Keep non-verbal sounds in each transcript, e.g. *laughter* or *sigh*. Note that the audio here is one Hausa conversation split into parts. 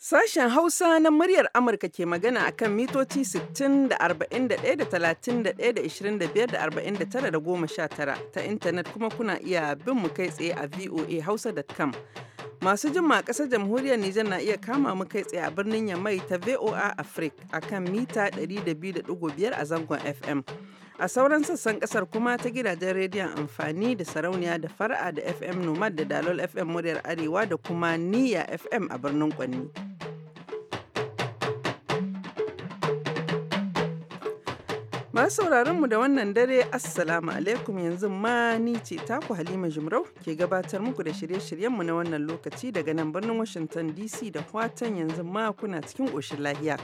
Sashen Hausa na muryar Amurka ke magana a kan mitoci 60 da 41 da 31 da 25 da 49 da 19 ta intanet kuma kuna iya bin mu kai tsaye a voahausa.com. Masu jin a ƙasar jamhuriyar Nijar na iya kama mu kai tsaye a birnin Yamai ta VOA Africa a kan mita biyar a zangon FM. A sauran sassan ƙasar kuma ta gidajen rediyon amfani da sarauniya da fara'a da FM Nomad da Dalol FM muryar Arewa da kuma niya FM a birnin Kwanni. Masu sauraronmu da wannan dare Assalamu alaikum yanzu ma ni ce taku Halima Jumrau ke gabatar muku da shirye-shiryenmu na wannan lokaci daga nan birnin Washington DC da fatan yanzu ma kuna cikin ƙoshin lahiya.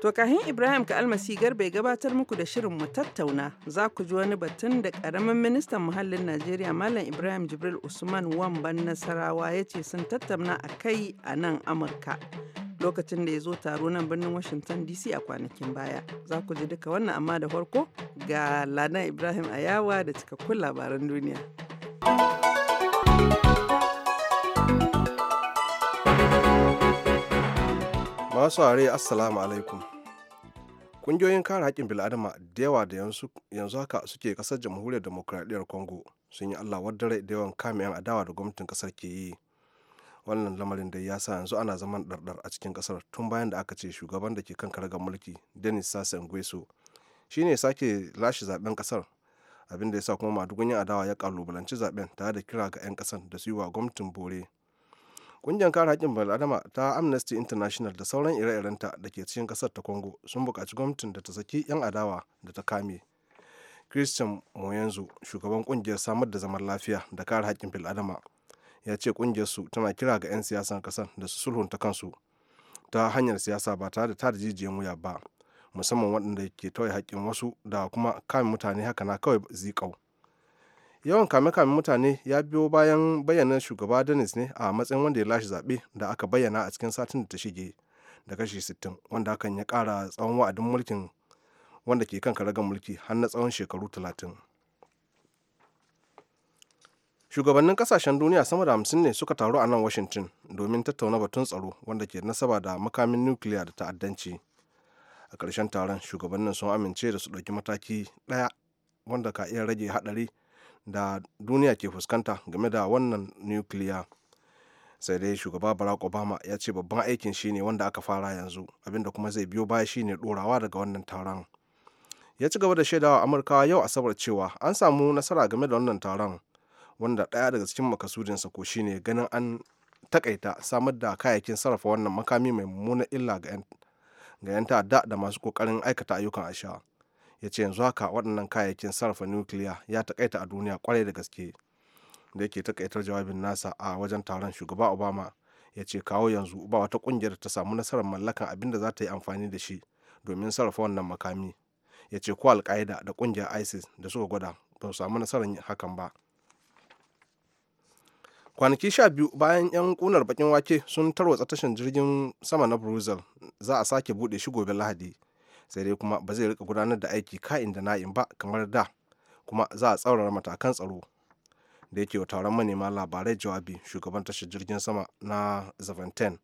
To Ibrahim ka almasi garbe gabatar muku da shirin mu tattauna za ku ji wani batun da karamin ministan muhallin Najeriya Malam Ibrahim Jibril Usman Wamban Nasarawa ya ce sun tattauna a kai a nan Amurka. lokacin da ya zo taro nan birnin Washington DC a kwanakin baya. Za ku ji duka wannan amma da farko ga Lana Ibrahim Ayawa da cikakkun labaran duniya. Masu are Assalamu alaikum. Kungiyoyin kare haƙƙin bil'adama da yawa da yanzu haka suke ƙasar jamhuriyar demokuraɗiyyar Congo sun yi Allah wadda da yawan kame adawa da gwamnatin ƙasar ke yi. wannan lamarin da ya sa yanzu ana zaman ɗarɗar a cikin ƙasar tun bayan da aka ce shugaban da ke kan karagar mulki denis sassa shi ne sake lashe zaben ƙasar abin da ya sa kuma madugun yin adawa ya kalubalanci zaben tare da kira ga 'yan ƙasar da su yi wa gwamnatin bore kungiyar kare haƙƙin bal'adama ta amnesty international da sauran ire-irenta da ke cikin ƙasar ta congo sun buƙaci gwamnatin da ta saki 'yan adawa da ta kame christian moyenzo shugaban kungiyar samar da zaman lafiya da kare haƙƙin bil'adama ya ce ƙungiyarsu tana kira ga 'yan siyasan kasar da su sulhunta kansu ta hanyar siyasa ba tare da tada jijiyan wuya ba musamman waɗanda ke tauye haƙƙin wasu da kuma kame mutane haka na kawai zikau yawan kame-kame mutane ya biyo bayan bayyana shugaba danis ne a matsayin wanda ya lashe zaɓe da aka bayyana a cikin satin da ta shige da kashi sittin wanda hakan ya ƙara tsawon wa'adin mulkin wanda ke kan karagar mulki har na tsawon shekaru talatin. shugabannin kasashen duniya sama da hamsin ne suka taru a nan washington domin tattauna batun tsaro wanda ke nasaba da makamin nukiliya da ta'addanci a ƙarshen taron shugabannin sun amince da su ɗauki mataki ɗaya wanda ka iya rage haɗari da duniya ke fuskanta game da wannan nukiliya sai dai shugaba barack obama ya ce babban aikin shine wanda aka fara yanzu abinda kuma zai biyo baya shine ɗorawa daga wannan taron ya ci gaba da shaidawa amurka yau asabar cewa an samu nasara game da wannan taron wanda ɗaya daga cikin makasudinsa ko shine ganin an takaita samar da kayayyakin sarrafa wannan makami mai mummunan illa ga 'yan ta'adda da masu kokarin aikata ayyukan asha ya ce yanzu haka waɗannan kayayyakin sarrafa nukiliya ya takaita a duniya kwarai da gaske da yake takaitar jawabin nasa a wajen taron shugaba obama ya ce kawo yanzu ba wata ƙungiyar ta samu nasarar mallakan abin da za ta yi amfani da shi domin sarrafa wannan makami ya ce ko alƙa'ida da ƙungiyar isis da suka gwada ba su samu nasarar hakan ba kwanaki sha biyu bayan 'yan kunar bakin wake sun tarwatsa tashar jirgin sama na brussels za a sake bude shi gobe lahadi sai dai kuma ba zai rika gudanar da aiki ka'in da na'in ba kamar da kuma za a tsaurara matakan tsaro da yake wa taron manema labarai jawabi shugaban tashar jirgin sama na zaventen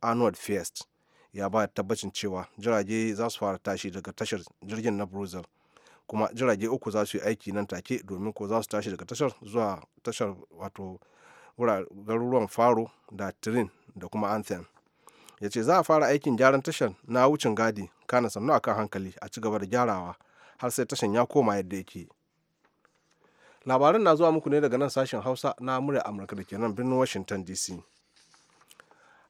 arnold fiest ya ba tabbacin cewa jirage za su fara tashi daga tashar jirgin na brussels kuma jirage uku za su yi aiki nan take domin ko za su tashi daga tashar zuwa tashar wato garuruwan faro da trin da kuma anthem ya ce za a fara aikin gyaran tashar na wucin gadi kana sannu a kan hankali a ci gaba da gyarawa har sai tashan ya koma yadda yake labaran na zuwa muku ne daga nan sashen hausa na murya amurka da ke nan birnin washington dc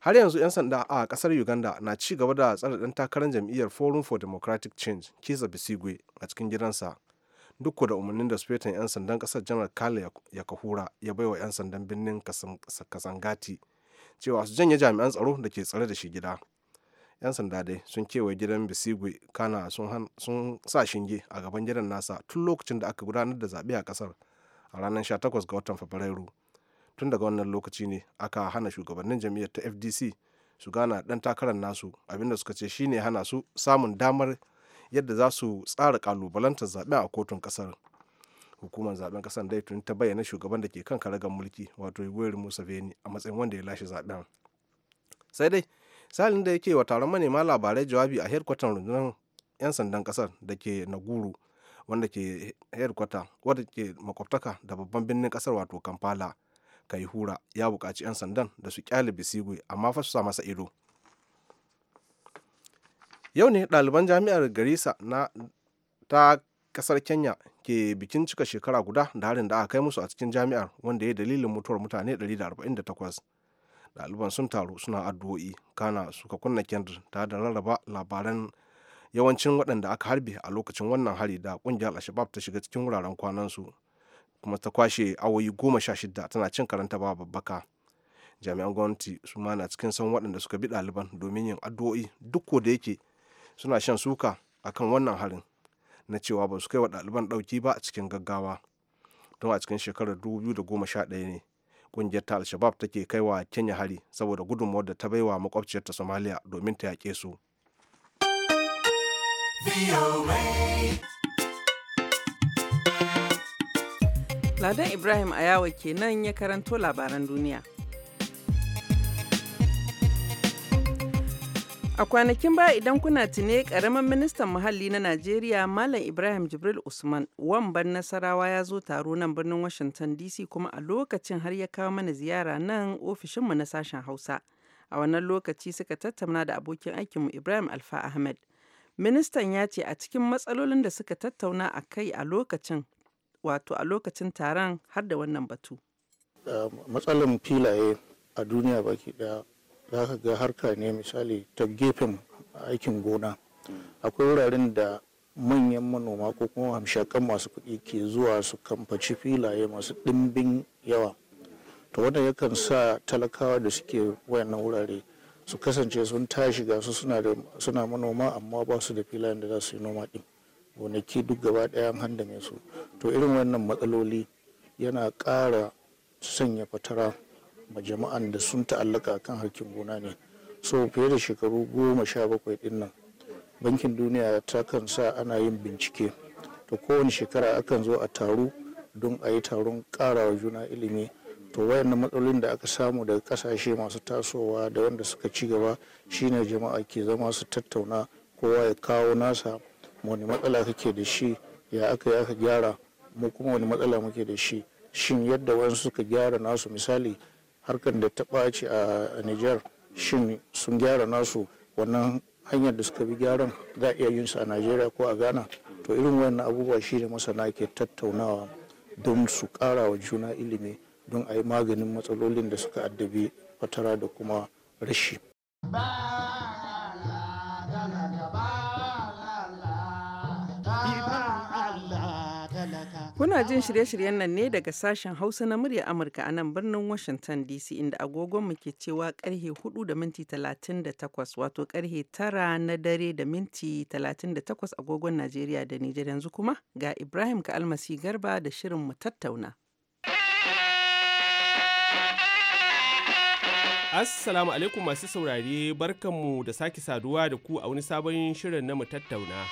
har yanzu 'yan sanda a kasar uganda na ci gaba da tsare dan takarar jam'iyyar forum for democratic change kisa bisigwe a cikin gidansa duk da umarnin da sufetan 'yan sandan kasar janar kale ya kahura ya bai wa 'yan sandan birnin kasangati cewa su janye jami'an tsaro da ke tsare da shi gida 'yan sanda dai sun kewaye gidan bisigwe kana sun sa shinge a gaban gidan nasa tun lokacin da aka gudanar da zaɓe a kasar a ranar 18 ga watan fabrairu tun daga wannan lokaci ne aka hana shugabannin jam'iyyar ta fdc su gana ɗan takarar nasu abinda suka ce shine hana su samun damar yadda za su tsara kalubalantar zaben a kotun kasar hukumar zaben kasar dai tun ta bayyana shugaban da ke kan karagar mulki wato musa museveni a matsayin wanda ya lashe zaɓen sai dai salin da yake wa taron manema labarai jawabi a hedkwatan rundunar 'yan sandan kasar da ke naguru wanda ke hedkwata wadda ke makwabtaka da babban birnin kasar wato kampala kai hura ya buƙaci 'yan sandan da su kyale bisigwe amma fa su sa masa ido yau ne ɗaliban jami'ar garisa na ta kasar kenya ke bikin cika shekara guda da harin da aka kai musu a cikin jami'ar wanda ya dalilin mutuwar mutane 148 ɗaliban sun taru suna addu'o'i kana suka kunna kendir ta da rarraba labaran yawancin waɗanda aka harbe a lokacin wannan hari da ƙungiyar alshabab ta shiga cikin wuraren kwanansu kuma ta kwashe awoyi goma sha shida tana cin karanta ba babbaka jami'an gwamnati su na cikin san waɗanda suka bi ɗaliban domin yin addu'o'i duk ko da yake suna shan suka akan wannan harin na cewa ba su kai wa ɗaliban ɗauki ba a cikin gaggawa don a cikin shekarar 2011 ne kungiyar ta al-shabab take kai wa kenya hari saboda gudunmawar da ta bai wa makwabciyarta somalia domin ta yaƙe su Ladan Ibrahim Ayawa kenan ya karanto labaran duniya. A kwanakin baya idan kuna tune karamin ministan muhalli na Najeriya Malam Ibrahim Jibril Usman wamban Nasarawa ya zo taro nan birnin Washington DC kuma a lokacin har ya kawo mana ziyara nan ofishinmu na sashen Hausa. A wannan lokaci suka tattauna da abokin aikinmu Ibrahim Alfa Ahmed. Ministan ya ce a cikin matsalolin da suka tattauna a kai a lokacin wato a lokacin taron har da wannan batu. Uh, matsalan filaye a duniya baki daya za ka ga harka ne misali ta gefen aikin gona akwai wuraren da manyan manoma ko kuma hamshakan masu kuɗi ke zuwa su kamfaci filaye masu ɗimbin yawa to wanda yakan sa talakawa da suke wayannan wurare su kasance sun tashi ga su suna manoma amma ba su da filayen da za su yi noma ɗin gonaki duk gaba ɗaya an handame su to irin wannan matsaloli yana ƙara sanya fatara ma jama'an da sun ta'allaka kan harkin gona ne so fiye da shekaru goma sha bakwai din nan bankin duniya ta kan sa ana yin bincike to kowane shekara akan zo a taru don a yi taron karawa juna ilimi to wayannan matsalolin da aka samu daga kasashe masu tasowa da wanda suka ci gaba shine jama'a ke zama su tattauna kowa ya kawo nasa wani matsala kake da shi ya aka yi aka gyara mu kuma wani matsala muke da shi shin yadda wasu suka gyara nasu misali harkar da ta ɓaci a Nijar shin sun gyara nasu wannan hanyar da suka bi gyaran za a iya yin su a Najeriya ko a Ghana to irin wannan abubuwa shi ne masana ke tattaunawa don su ƙara wa juna ilimi don a yi maganin matsalolin da suka addabi fatara da kuma rashi. Kuna jin shirye-shiryen nan ne daga sashen Hausa na murya Amurka a nan birnin Washington DC inda agogonmu ke cewa karhe 4 da minti 38 wato karhe 9 na dare da minti 38 agogon Najeriya da Nijar yanzu kuma ga Ibrahim ka almasi garba da shirin mu tattauna. Assalamu alaikum masu saurare barkanmu da sake saduwa da ku a wani sabon shirin na mu tattauna.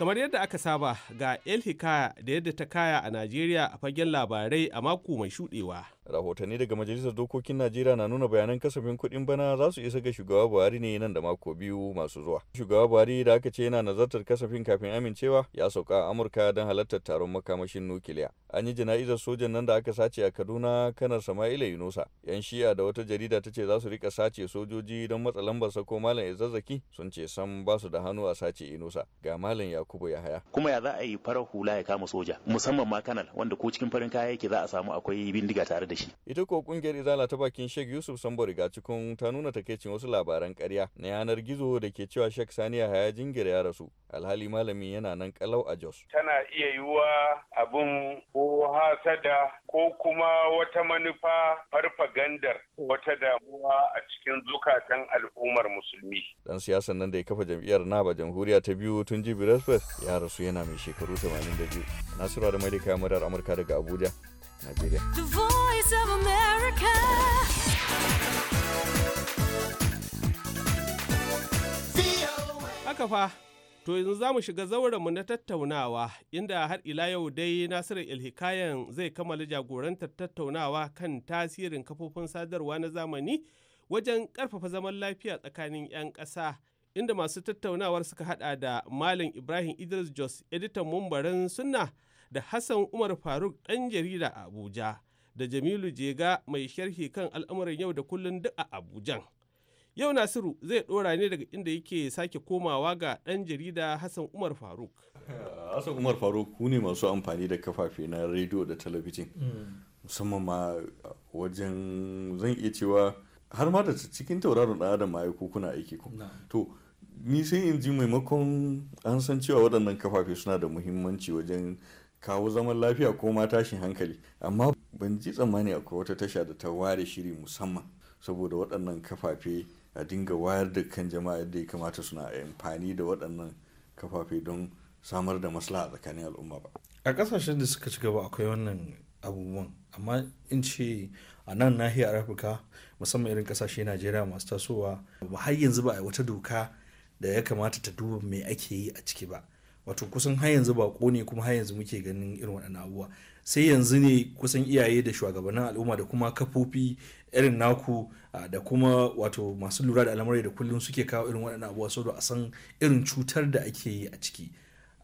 Kamar yadda aka saba ga El Hikaya da yadda ta kaya a Najeriya a fagen labarai a mako mai shuɗewa. rahotanni daga majalisar dokokin najeriya na nuna bayanan kasafin kuɗin bana za su isa ga shugaba buhari ne nan da mako biyu masu zuwa shugaba buhari da aka ce yana nazartar kasafin kafin amincewa ya sauka a amurka don halartar taron makamashin nukiliya an yi jana'izar sojan nan da aka sace a kaduna kanar sama'ila yunusa yan shi'a da wata jarida ta ce za su rika sace sojoji don matsa lambar sako malam zazzaki sun ce sam ba su da hannu a sace yunusa ga malam yakubu yahaya kuma ya za a yi farar hula ya kama soja musamman ma kanal wanda ko cikin farin kaya yake za a samu akwai bindiga tare da shi. Ita ko kungiyar Izala ta bakin Sheikh Yusuf Sambo riga cikin ta nuna takeicin wasu labaran ƙarya na yanar gizo da ke cewa Sheikh Saniya Haya jingira ya rasu. Alhali malami yana nan kalau a Jos. Tana iya yiwa abin ko hasada ko kuma wata manufa farfagandar wata damuwa a cikin zukatan al'ummar musulmi. Dan siyasan nan da ya kafa jam'iyyar Naba Jamhuriya ta biyu tun jibi ya rasu yana mai shekaru 82. Nasiru da Malika Murar Amurka daga Abuja. Nigeria. The Voice of America. Haka fa, to yanzu za mu shiga mu na tattaunawa inda har ila yau dai Nasiru Ilhikayen zai kammala jagorantar tattaunawa kan tasirin kafofin sadarwa na zamani wajen karfafa zaman lafiya tsakanin 'yan ƙasa. inda masu tattaunawar suka hada da Malam Ibrahim Idris Jos editan mumbarin sunna da Hassan Umar Faruk ɗan jarida a Abuja da Jamilu Jega mai sharhi kan al'amuran yau da kullun duk a Abujan. Yau Nasiru zai ɗora ne daga inda yake sake komawa ga ɗan jarida Hassan Umar Faruk. Hassan Umar Faruk ku ne masu amfani da kafafe na rediyo da talabijin. Musamman ma wajen zan iya cewa har ma da cikin tauraron ɗan adam ma kuna aiki ku. To ni sai in ji maimakon an san cewa waɗannan kafafe suna da muhimmanci wajen kawo zaman lafiya ko ma tashin hankali amma ban ji tsammani akwai wata tasha da ta ware shiri musamman saboda waɗannan kafafe a dinga wayar da kan jama'a yadda ya kamata suna amfani da waɗannan kafafe don samar da maslaha tsakanin al'umma ba a ƙasashen da suka ci gaba akwai wannan abubuwan amma in ce a nan nahiyar afirka musamman irin ƙasashe najeriya masu tasowa ba har yanzu ba a wata doka da ya kamata ta duba mai ake yi a ciki ba wato kusan har yanzu bako ne kuma har yanzu muke ganin irin waɗannan abubuwa sai yanzu ne kusan iyaye da shugabannin al'umma da kuma kafofi irin naku da kuma wato masu lura da al'amari da kullum suke kawo irin waɗannan abubuwa saboda a san irin cutar da ake yi a ciki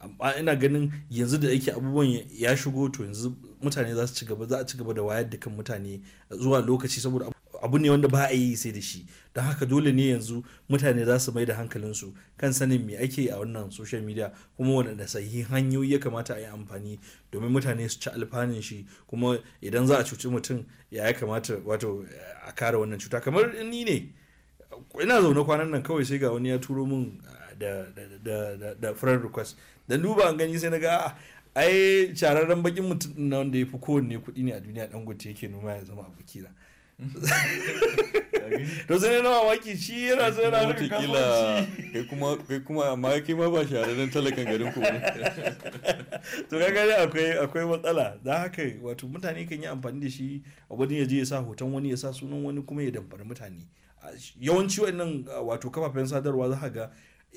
amma ina ganin yanzu da ake abubuwan ya shigo to yanzu mutane za su ci gaba za a ci gaba da wayar da kan mutane zuwa lokaci saboda abu ne wanda ba a yi sai da shi don haka dole ne yanzu mutane za su mai da hankalinsu kan sanin me ake a wannan social media kuma waɗanda sahihin hanyoyi ya kamata a yi amfani domin mutane su ci alfanin shi kuma idan za a cuci mutum ya ya kamata wato a kare wannan cuta kamar ni ne ina zaune kwanan nan kawai sai ga wani ya turo min ah, da friend request da duba an gani sai na ga ah, ai shararren bakin mutum na wanda ya fi kowanne kuɗi ne a duniya dangote yake noma ya zama abokina to sai na waki shi yana zo yana nufin kila kai kuma kai kuma amma kai ma ba shahararren talakan garin ku *laughs* to kaga dai akwai akwai matsala da haka wato mutane kan yi amfani da shi wani ya je ya sa hoton wani ya sa sunan wani kuma ya damfari mutane yawanci wannan wato kafafen sadarwa za ka ga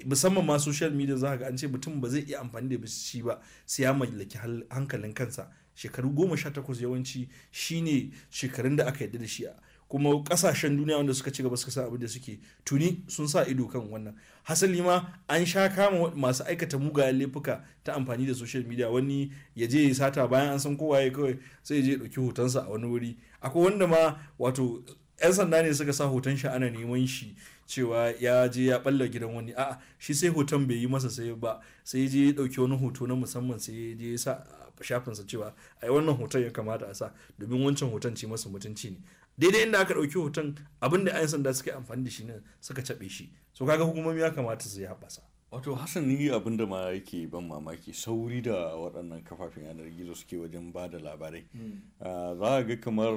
musamman ma social media za ga an ce mutum ba zai iya amfani da shi ba sai ya mallaki hankalin kansa shekaru goma sha takwas yawanci shine shekarun da aka yarda da shi kuma kasashen duniya wanda suka ci gaba suka sa abin da suke tuni sun sa ido kan wannan hasali ma an sha kama masu aikata mugayen laifuka ta amfani da social media wani ya je ya sata bayan an san kowa ya kawai sai ya je dauki hotonsa a wani wuri akwai wanda ma wato 'yan sanda ne suka sa hoton shi ana neman shi cewa ya je ya balla gidan wani a'a shi sai hoton bai yi masa sai ba sai je ya dauki wani hoto na musamman sai je ya sa shafinsa cewa ai wannan hoton ya kamata a sa domin wancan hoton ce masa mutunci ne daidai inda aka dauki hoton abinda da sanda suka amfani da shi ne suka caɓe shi so kaga hukumomi ya kamata su yi haɓasa wato hassan ni abin da ma yake ban mamaki sauri da waɗannan kafafen yanar gizo suke wajen ba da labarai hmm. ah, za a ga kamar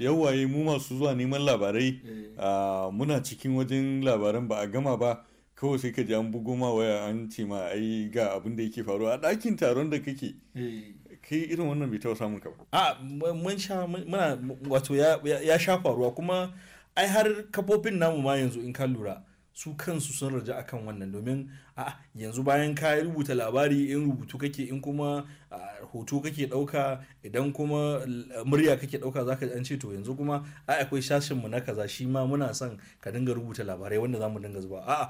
yawaye eh, mu masu zuwa neman labarai eh. ah, muna cikin wajen labaran ba a gama ba kawai sai ka ji an bugo ma waya an ce ma ai ga abin da yake faruwa a ɗakin taron da kake eh. kai irin wannan bai taɓa samun ka ba a ah, mun sha muna wato ya sha faruwa kuma ai har kafofin namu ma yanzu in ka lura su kansu sun raja akan wannan domin a yanzu bayan ka rubuta labari in rubutu kake in kuma hoto kake dauka idan kuma murya kake dauka zaka an ce to yanzu kuma a akwai shashin mu na kaza shi ma muna son ka dinga rubuta labarai wanda zamu dinga zuba a'a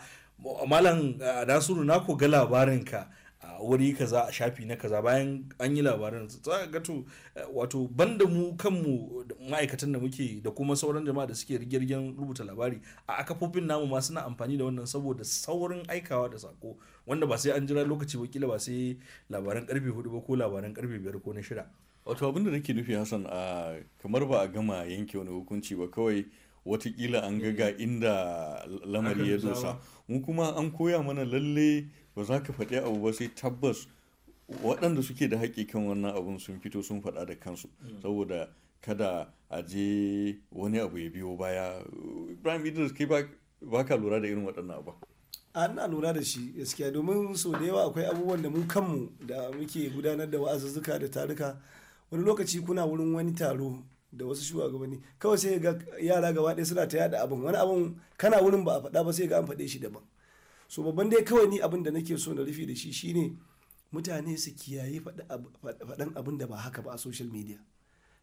malam nasiru na ko ga labarin ka a wuri kaza a shafi na kaza bayan an yi labaran za a gato eh, wato banda mu kanmu ma'aikatan da muke da kuma sauran jama'a da suke rigirgen rubuta labari a kafofin namu ma suna amfani da wannan saboda saurin aikawa da sako wanda ba sai an jira lokaci ba kila ba sai labaran karfe hudu ba ko labaran karfe biyar ko na shida wato abin da nake nufi hassan a kamar ba a gama yanke wani hukunci ba kawai watakila an gaga mm. inda lamari ya dosa mu kuma an koya mana lalle ba za ka faɗi abu ba sai tabbas waɗanda suke da haƙƙi kan wannan abun sun fito sun faɗa da kansu mm. saboda kada a je wani abu ya biyo baya ibrahim idris kai ba ka lura da irin waɗannan abu ana lura da shi gaskiya domin sau da yawa akwai abubuwan da mu kanmu da muke gudanar da wa'azuzzuka da taruka wani lokaci kuna wurin wani taro da wasu shugabanni kawai sai ga yara gaba ɗaya suna ta yada abin wani abin kana wurin ba a faɗa ba sai ga an faɗe shi daban so babban dai kawai ni abin da nake so na rufe da shi shine mutane su kiyaye faɗan abin da ba haka ba a social media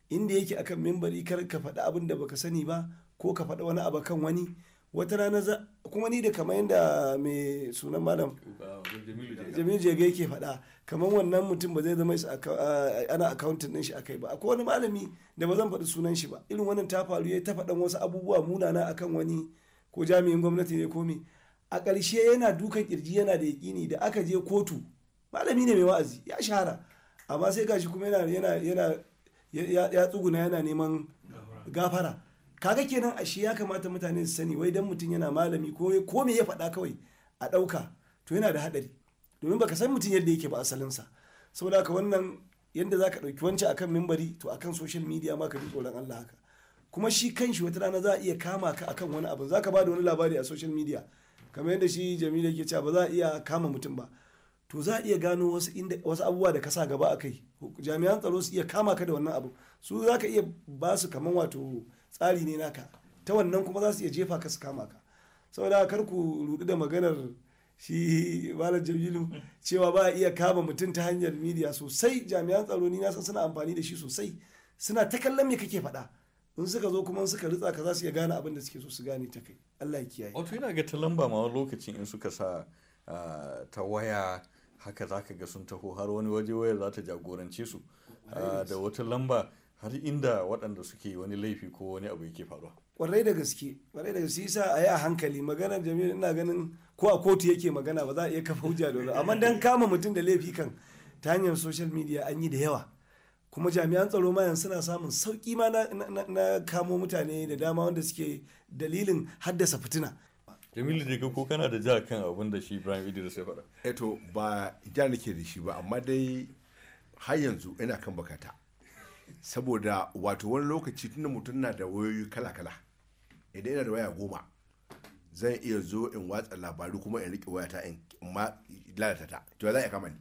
inda yake akan mimbari kar ka faɗa abin da baka sani ba ko ka faɗa wani abu kan wani wata rana za kuma ni da kamar yadda mai sunan malam jamilu jega yake faɗa kamar wannan mutum ba zai zama ana akawuntin ɗin shi akai ba akwai wani malami da ba zan faɗi sunan shi ba irin wannan ta faru ya ta faɗan wasu abubuwa munana akan wani ko jami'in gwamnati ne ko a ƙarshe yana dukan kirji yana da yaƙini da aka je kotu malami ne mai wa'azi ya shahara amma sai gashi kuma yana yana ya tsuguna yana neman gafara kaga kenan ashe ya kamata mutane su sani wai dan mutum yana malami ko ko me ya faɗa kawai a ɗauka to yana da haɗari domin baka san mutum yadda yake ba asalinsa saboda haka wannan yadda zaka ɗauki wancan akan mimbari to akan social media ma ka bi tsoron Allah haka kuma shi kanshi wata rana za a iya kama ka akan wani abu zaka bada wani labari a social media kamar yadda shi jamila ke cewa ba za a iya kama mutum ba to za a iya gano wasu inda wasu abubuwa da ka sa gaba a kai jami'an tsaro su iya kama ka da wannan abu su zaka iya ba su kaman wato tsari ne naka ta wannan kuma za su iya jefa ka su kama ka saboda kar ku rudu da maganar shi malam jamilu cewa ba iya kama mutum ta hanyar midiya sosai jami'an tsaro ni na san suna amfani da shi sosai suna ta kallon me kake faɗa in suka zo kuma suka ritsa ka za su iya gane abin da suke so su gane ta kai Allah ya kiyaye wato yana ga ta lamba ma lokacin in suka sa ah, ta waya haka zaka ga sun taho har wani waje waya za ta jagorance su ah, da wata lamba har inda waɗanda suke wani laifi ko wani abu yake faruwa kwarai da gaske kwarai da gaske sa a yi a hankali magana jami'in ina ganin ko a kotu yake magana ba za a iya kafa hujja da amma dan kama mutum da laifi kan ta hanyar social media an yi da yawa kuma jami'an tsaro ma yanzu suna samun sauki ma na, kamo mutane da dama wanda suke dalilin haddasa fitina jamilu daga ko kana da ja kan abin da shi ibrahim idris ya faɗa eto eh ba ja nake da shi ba amma dai har yanzu ina kan bakata saboda wato wani lokaci tunda mutum na da wayoyi kala-kala idan yana da waya goma zan iya zo in watsa labaru kuma in riƙe wayata in ma lalata ta to za a kama ni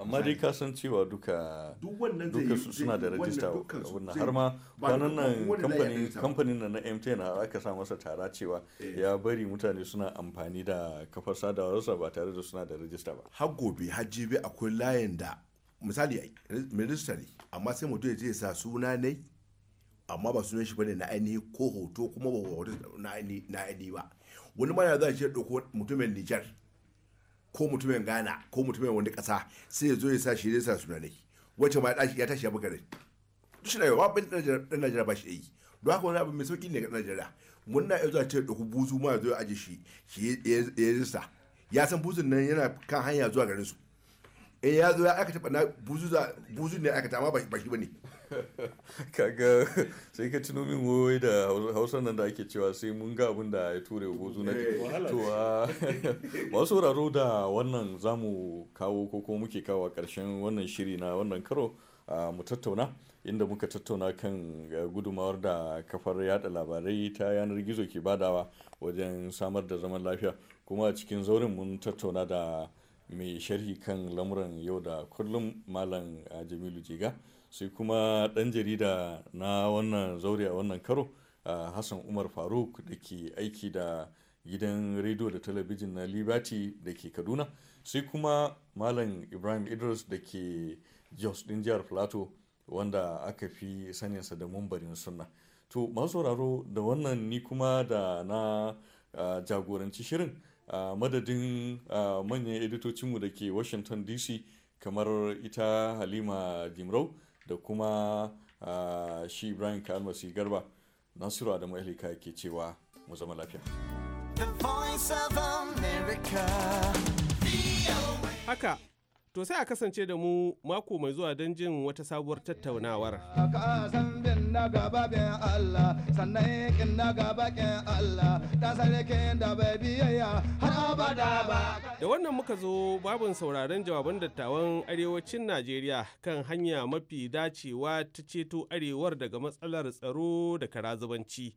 amma dai ka san cewa duka duka su suna da rajista wannan har ma kwanan nan kamfanin kamfanin na MTN aka sa masa tara cewa eh. ya bari mutane suna amfani da kafar sa ba tare da suna da rajista ba har gobe har jibi akwai layin da misali mai rijista ne amma sai mutum ya ya sa suna ne amma ba sunan shi bane na ainihi ko hoto kuma ba hoto na ainihi ba wani mana za a ce ɗauko mutumin Nijar ko mutumin Ghana ko mutumin wani ƙasa sai ya zo ya sa shi ya sa suna ne wacce ma ya tashi ya buga ne duk shi ba yau abin ɗan ba shi yi don haka wani abu mai sauƙi ne ga najera mun na yanzu a ce ɗauko buzu ma ya zo ya aje shi ya rinsa ya san buzun nan yana kan hanya zuwa garin su eh ya zo ya aikata bana buzu ne aikata amma ba shi bane *laughs* kaga sai ka tuno min woyi da hausa nan da ake cewa sai mun ga abin da ya ture buzu na eh. to wasu ah, *laughs* raro da wannan zamu kawo ko ko muke kawo karshen wannan shiri na wannan karo mu tattauna inda muka tattauna kan eh, gudumawar da kafar yada labarai ta yanar gizo ke badawa wajen samar da zaman lafiya kuma a cikin zaurin mun tattauna da mai sharhi kan lamuran yau da kullum malam ah, jamilu jiga sai kuma ɗan jarida na wannan zaure a wannan karo ah, hassan umar faruk da ke aiki da gidan rediyo da talabijin na liberty da ke kaduna sai kuma malam ibrahim idris da ke jos ɗin jihar plato wanda aka fi saninsa da mumbarin sunna to masu sauraro da wannan ni kuma da na ah, jagoranci shirin a madadin manyan editocinmu da ke washington dc kamar ita halima jimrau da kuma shi ibrahim kalmasi garba nasiru adamu alika ke cewa mu zama lafiya haka To sai a kasance da mu mako mai zuwa don jin wata sabuwar tattaunawar. Da ba. wannan muka zo babin sauraron jawaban dattawan arewacin Najeriya kan hanya mafi dacewa ta ceto arewar daga matsalar tsaro da karazubanci.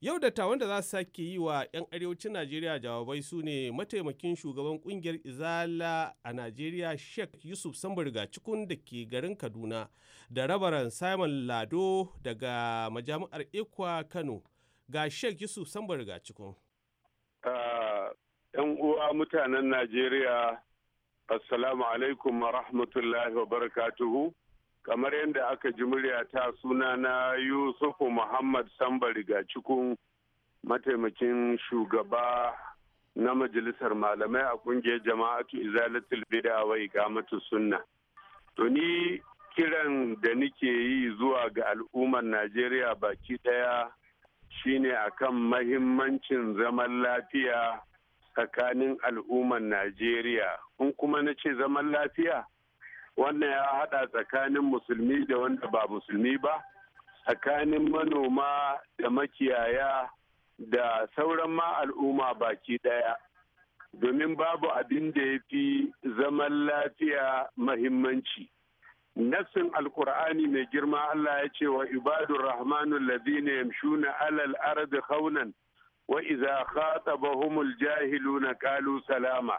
Yau da dattawan da za su sake yi wa 'yan arewacin Najeriya jawabai su ne mataimakin shugaban kungiyar Izala a Najeriya Sheikh Yusuf Samburga cikun da ke garin Kaduna da rabaran Simon Lado daga majami'ar Ikwa Kano ga Sheikh Yusuf Samburga cikun. Ah, ‘Yan uwa mutanen Najeriya, Assalamu alaikum wa rahmatullahi wa barakatuhu. kamar yadda aka ji murya ta suna na yusufu muhammad sambari ga cikin mataimakin shugaba na majalisar malamai a kungiyar jama'atu izalatul bida wa ikamatu sunna to ni kiran da nike yi zuwa ga al'ummar najeriya baki daya shine akan mahimmancin zaman lafiya tsakanin al'ummar najeriya in kuma na ce zaman lafiya wannan ya hada tsakanin musulmi da wanda ba musulmi ba tsakanin manoma da makiyaya da sauran ma al'umma baki daya domin babu abin da ya fi zaman lafiya mahimmanci nassin alkur'ani mai girma allah ya ce wa ibadur rahmanu ladina yamshuna alal ardi khawnan wa idza khatabahumul jahiluna qalu salama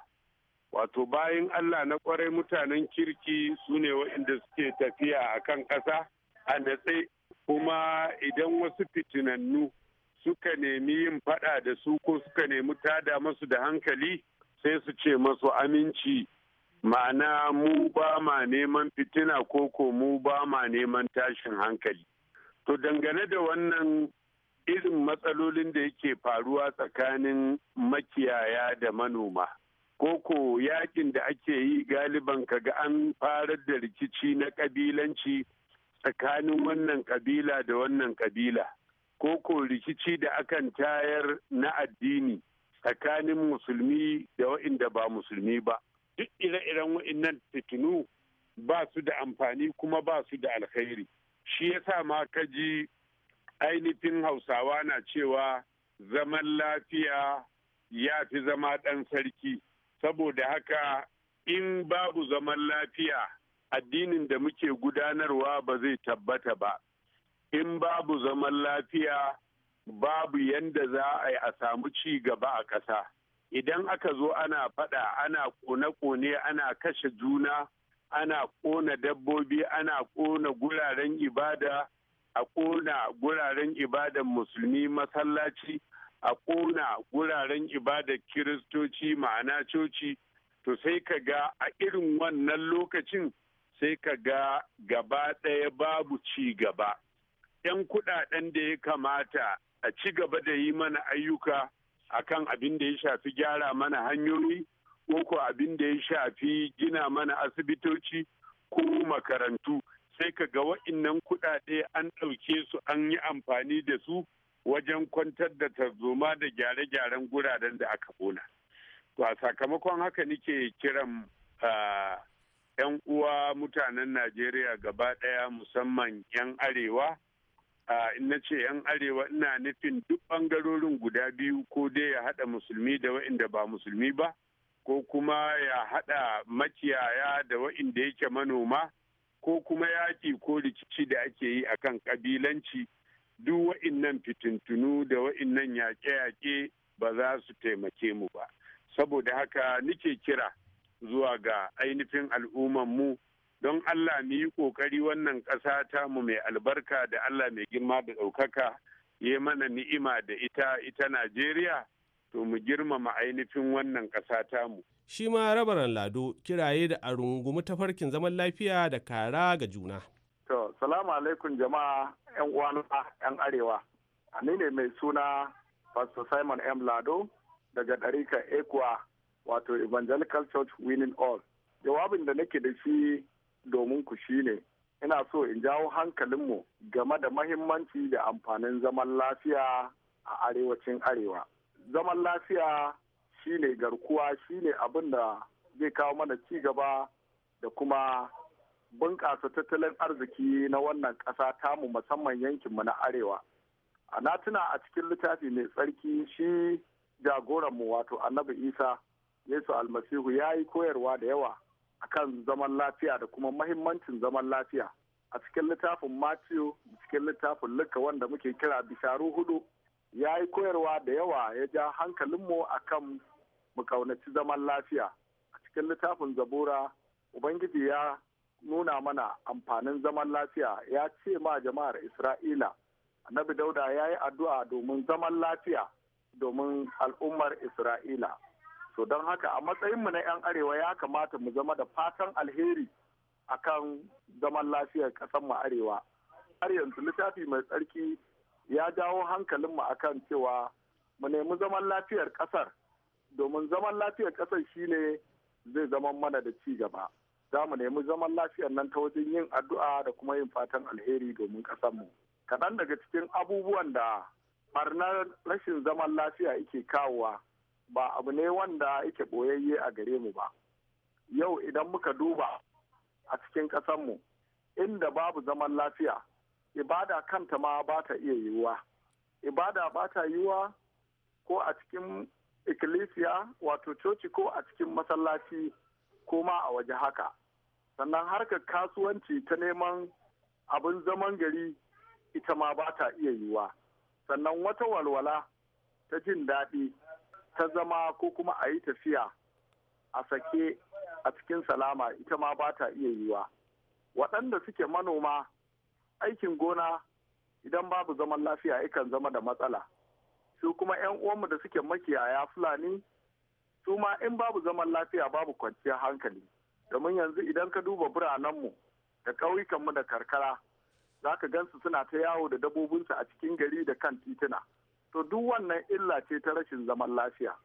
wato bayan allah na kwarai mutanen kirki su ne waɗanda suke tafiya a kan ƙasa a natse kuma idan wasu fitinannu suka nemi yin faɗa da su ko suka nemi tada masu da hankali sai su ce masu aminci ma'ana mu ba ma neman fitina ko ko mu ba ma neman tashin hankali to dangane da wannan irin matsalolin da yake faruwa tsakanin makiyaya da manoma koko yakin da ake yi galiban ka ga an farar da rikici na kabilanci tsakanin wannan kabila da wannan kabila koko rikici da akan tayar na addini tsakanin musulmi da wa'inda ba musulmi ba duk ire-iren wa'innan fitinu ba su da amfani kuma ba su da alkhairi shi yasa ma ka ji ainihin hausawa na cewa zaman lafiya ya fi zama ɗan sarki saboda haka in babu zaman lafiya addinin da muke gudanarwa ba zai tabbata ba in babu zaman lafiya babu yanda za a yi a samu ci gaba a ƙasa idan aka zo ana faɗa ana ƙone-ƙone ana kashe juna ana ƙona dabbobi ana ƙona guraren ibada a ƙona guraren ibadan musulmi masallaci a ƙona guraren ibadar kiristoci ma'ana coci to sai ka ga a irin wannan lokacin sai ka ga gaba ɗaya babu ci gaba. 'Yan kuɗaɗen da ya kamata a ci gaba da yi mana ayyuka akan abin da ya shafi gyara mana hanyoyi ko abin da ya shafi gina mana asibitoci ko makarantu sai ka ga wa'innan kuɗaɗe an ɗauke su an yi amfani da su wajen kwantar da tarzoma da gyare-gyaren guraren da aka kona. To a sakamakon haka nike kiran ‘yan uwa mutanen Najeriya gaba ɗaya musamman ‘yan arewa. In na ce ‘yan arewa ina nufin duk bangarorin guda biyu ko dai ya haɗa musulmi da waɗanda ba musulmi ba, ko kuma ya haɗa makiyaya da waɗanda yake manoma, ko kuma yaƙi ko rikici da ake yi akan ƙabilanci. duk wa'innan fitintunu da wa'innan yaƙe-yaƙe ba za su taimake mu ba saboda haka nike kira zuwa ga ainihin al'ummanmu don allah mu yi ƙoƙari wannan ƙasa ta mu mai albarka da allah mai girma da ɗaukaka ya mana ni'ima da ita ita najeriya to mu girmama ainihin wannan ƙasa ta mu shi ma rabaran lado kiraye da a rungumi tafarkin zaman lafiya da kara ga juna To, salamu alaikum jama'a 'yan uwana 'yan arewa. Ni ne mai suna Pastor Simon M. Lado daga ɗarika Ekwa wato Evangelical Church Winning All. Jawabin da nake da shi domin ku shi ne, ina so in jawo hankalinmu game da mahimmanci da amfanin zaman lafiya a arewacin arewa. Zaman lafiya shi ne garkuwa shi ne abin da zai kawo mana ci gaba da kuma bunƙasa tattalin arziki na wannan ƙasa tamu musamman yankinmu na arewa a na tuna a cikin littafi mai tsarki shi jagoranmu wato annabi isa yesu almasihu ya yi koyarwa da yawa akan zaman lafiya da kuma mahimmancin zaman lafiya a cikin littafin matthew cikin littafin luka wanda muke kira bisharu hudu ya yi koyarwa da yawa ya ja hankalinmu a kan mu kaunaci zaman lafiya a cikin littafin zabura ubangiji ya nuna mana amfanin zaman lafiya ya ce ma jama'ar isra'ila annabi dauda ya yi addu'a domin zaman lafiya domin al'ummar isra'ila so don haka a matsayinmu na 'yan arewa ya kamata mu zama da fatan alheri akan zaman lafiyar mu arewa har yanzu littafi mai tsarki ya jawo hankalinmu akan cewa mu nemi zaman lafiyar ƙasar domin zaman lafiyar ƙasar shine zai zama mana da ci gaba. za mu nemi zaman lafiyar nan ta wajen yin addu'a da kuma yin fatan alheri domin ƙasarmu. Kaɗan daga cikin abubuwan da barnar rashin zaman lafiya yake kawowa ba abu ne wanda yake ɓoyayye a gare mu ba. Yau idan muka duba a cikin ƙasarmu inda babu zaman lafiya, ibada kanta ma ba ta iya yiwuwa. Ibada ba ta yiwuwa ko a cikin ikkilisiya wato coci ko a cikin masallaci ko ma a waje haka. sannan harkar kasuwanci ta neman abin zaman gari ita ma ba ta iya yiwa sannan wata walwala ta jin daɗi ta zama ko kuma a yi tafiya a sake a cikin salama ita ma ba ta iya yiwa waɗanda suke manoma aikin gona idan babu zaman lafiya ikan zama da matsala su kuma 'yan uwanmu da suke makiyaya fulani su ma in babu zaman lafiya babu kwanciyar hankali domin yanzu idan ka duba biranenmu da ƙauyukanmu da karkara za ka gansu suna ta yawo da dabobinsu a cikin gari da kan tituna to duk wannan illa ce ta rashin zaman lafiya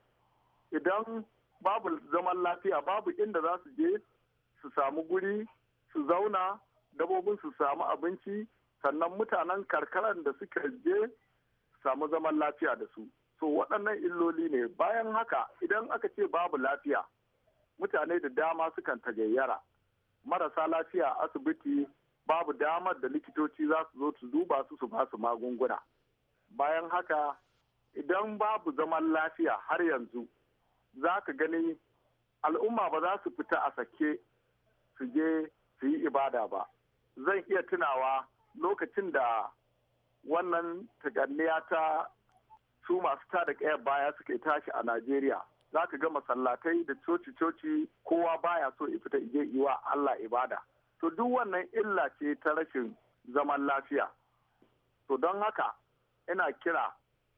idan babu zaman lafiya babu inda za su je su samu guri su zauna dabobin su samu abinci sannan mutanen karkaran da suka je samu zaman lafiya da su so waɗannan illoli ne bayan haka idan aka ce babu lafiya mutane da dama sukan tagayyara marasa lafiya asibiti babu damar da likitoci za su zo su duba su su basu magunguna bayan haka idan babu zaman lafiya har yanzu za ka gani al'umma ba za su fita a sake su je su yi ibada ba zan iya tunawa lokacin da wannan taganniya ta su masu tada kayan baya suke tashi a najeriya za ka ga masallatai da coci-coci kowa baya so ya fita je iwa Allah ibada. To duk wannan illa ce ta rashin zaman lafiya. To don haka ina kira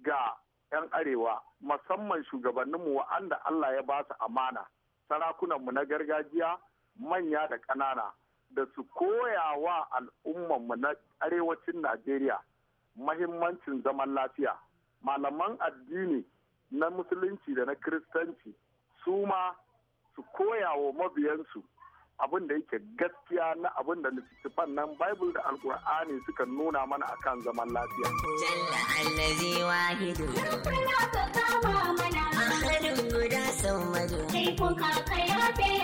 ga 'yan arewa musamman shugabanninmu wa'anda Allah ya ba su amana sarakunanmu na gargajiya manya da ƙanana da su koya wa al'ummanmu na arewacin Najeriya mahimmancin zaman lafiya. Malaman addini na musulunci da na kiristanci su ma su koya wa mabiyansu abin da yake gaskiya na abin da littattafan nan Bible da Alkur'ani suka nuna mana akan zaman lafiya.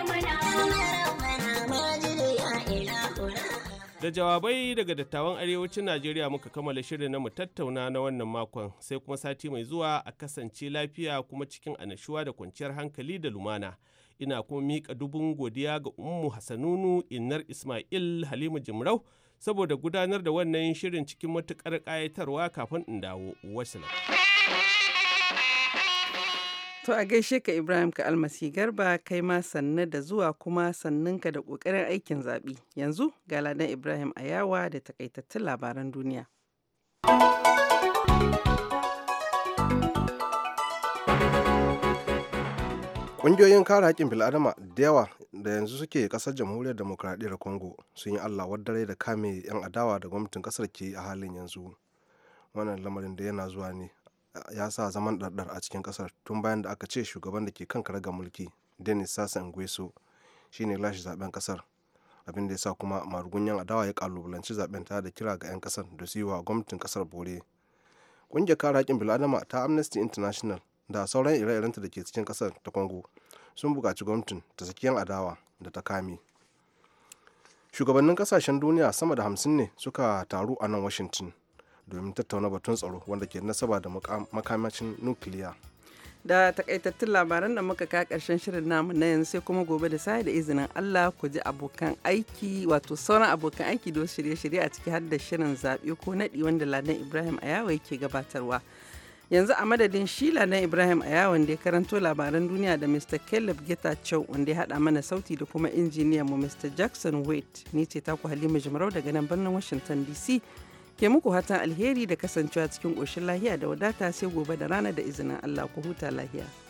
mana. Da jawabai daga dattawan arewacin Najeriya muka kammala shirin na mu tattauna na wannan makon sai kuma sati mai zuwa a kasance lafiya kuma cikin anashuwa da kwanciyar hankali da lumana. Ina kuma miƙa dubun godiya ga Ummu hasanunu Innar Ismail Halima Jimrau saboda gudanar da wannan shirin cikin matuƙar ƙayatarwa kafin in dawo. wasu To a gaishe ka Ibrahim ka almasi garba kai ma sanne da zuwa kuma ka da ƙoƙarin aikin zaɓe Yanzu ga Ladan Ibrahim Ayawa da takaitattun labaran duniya. Ƙungiyoyin kare haƙƙin bil'adama da yawa da yanzu suke ƙasar jamhuriyar demokradiyyar Congo sun yi Allah wadare da kame 'yan adawa da gwamnatin ƙasar ke a halin yanzu. Wannan lamarin da yana zuwa ne ya sa zaman ɗarɗar a cikin ƙasar tun bayan da aka ce shugaban da ke kan ga mulki denis sassa shi ne lashe zaɓen ƙasar abin da ya sa kuma marugunyan adawa ya kalubalanci zaben ta da kira ga 'yan ƙasar da su yi wa gwamnatin ƙasar bore ƙungiyar kare haƙƙin bil'adama ta amnesty international da sauran ire-irenta da ke cikin ƙasar ta congo sun buƙaci gwamnatin ta saki 'yan adawa da ta kame shugabannin ƙasashen duniya sama da hamsin ne suka taru a nan washington domin tattauna batun tsaro wanda ke nasaba da makamacin nukiliya da takaitattun labaran da muka ka karshen shirin namu na yanzu sai kuma gobe da sai da izinin Allah ku ji abokan aiki wato sauran abokan aiki don shirye-shirye a ciki har da shirin zaɓe ko naɗi wanda Ladan Ibrahim Ayawa yake gabatarwa. Yanzu a madadin shi Ladan Ibrahim Ayawa da ya karanto labaran duniya da Mr. Caleb Geta Chow wanda ya haɗa mana sauti da kuma injiniyan mu Mr. Jackson Wade ni ce taku Halima Jimarau daga nan birnin Washington DC. Ke muku hatan alheri da kasancewa cikin ƙoshin lahiya da wadata sai gobe da rana da izinin Allah ku huta lahiya.